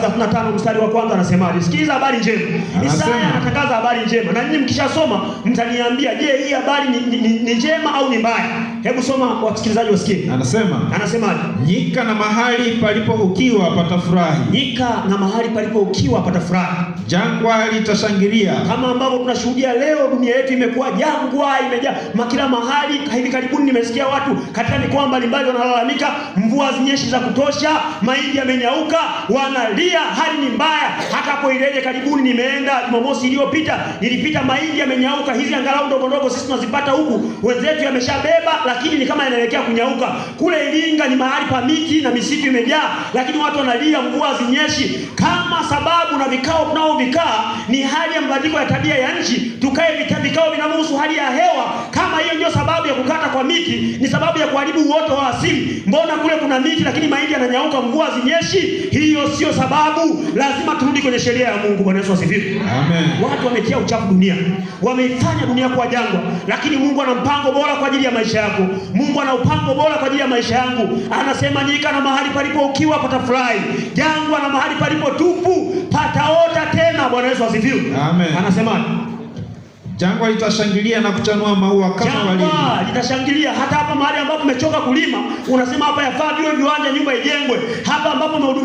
35 mstari wa kwanza anasemaje? Sikiliza habari njema. Isaya anatangaza habari njema, na nyinyi mkishasoma mtaniambia, je, hii habari ni, ni, ni, ni njema au ni mbaya? Hebu soma wasikilizaji wasikie. Anasema, anasemaje? Nyika na mahali palipo ukiwa patafurahi. Nyika na mahali palipo ukiwa patafurahi. Jangwa litashangilia. Kama ambavyo tunashuhudia leo, dunia yetu imekuwa jangwa, imejaa makila mahali. Hivi karibuni nimesikia watu katika mikoa mbalimbali wanalalamika, mvua zinyeshi za kutosha, mahindi yamenyauka, wanalia, hali ni mbaya. Hata hapo ireje karibuni nimeenda Jumamosi iliyopita, nilipita mahindi yamenyauka, hizi angalau ndogo ndogo sisi tunazipata huku, wenzetu yameshabeba lakini ni kama inaelekea kunyauka. Kule Iringa ni mahali pa miti na misitu imejaa, lakini watu wanalia mvua zinyeshi. Kama sababu na vikao tunao vikaa ni hali ya mabadiliko ya tabia ya nchi, tukae vita vikao vinamuhusu hali ya hewa, kama hiyo ndio sababu ya kukata kwa miti, ni sababu ya kuharibu uoto wa asili. Mbona kule kuna miti lakini mahindi yananyauka, mvua hazinyeshi? Hiyo sio sababu. Lazima turudi kwenye sheria ya Mungu. Bwana Yesu asifiwe. Amen. Watu wametia uchafu dunia, wameifanya dunia kuwa jangwa, lakini Mungu ana mpango bora kwa ajili ya maisha yako. Mungu ana mpango bora kwa ajili ya maisha yangu. Anasema nyika na mahali palipo ukiwa patafurahi, jangwa na mahali palipo tupu pataota tena. Bwana Yesu asifiwe. Amen. Anasema Jangwa litashangilia na kuchanua maua kama walivyo. Jangwa litashangilia hata hapa mahali ambapo umechoka kulima, unasema hapa yafaa viwe viwanja, nyumba ijengwe hapa ambapo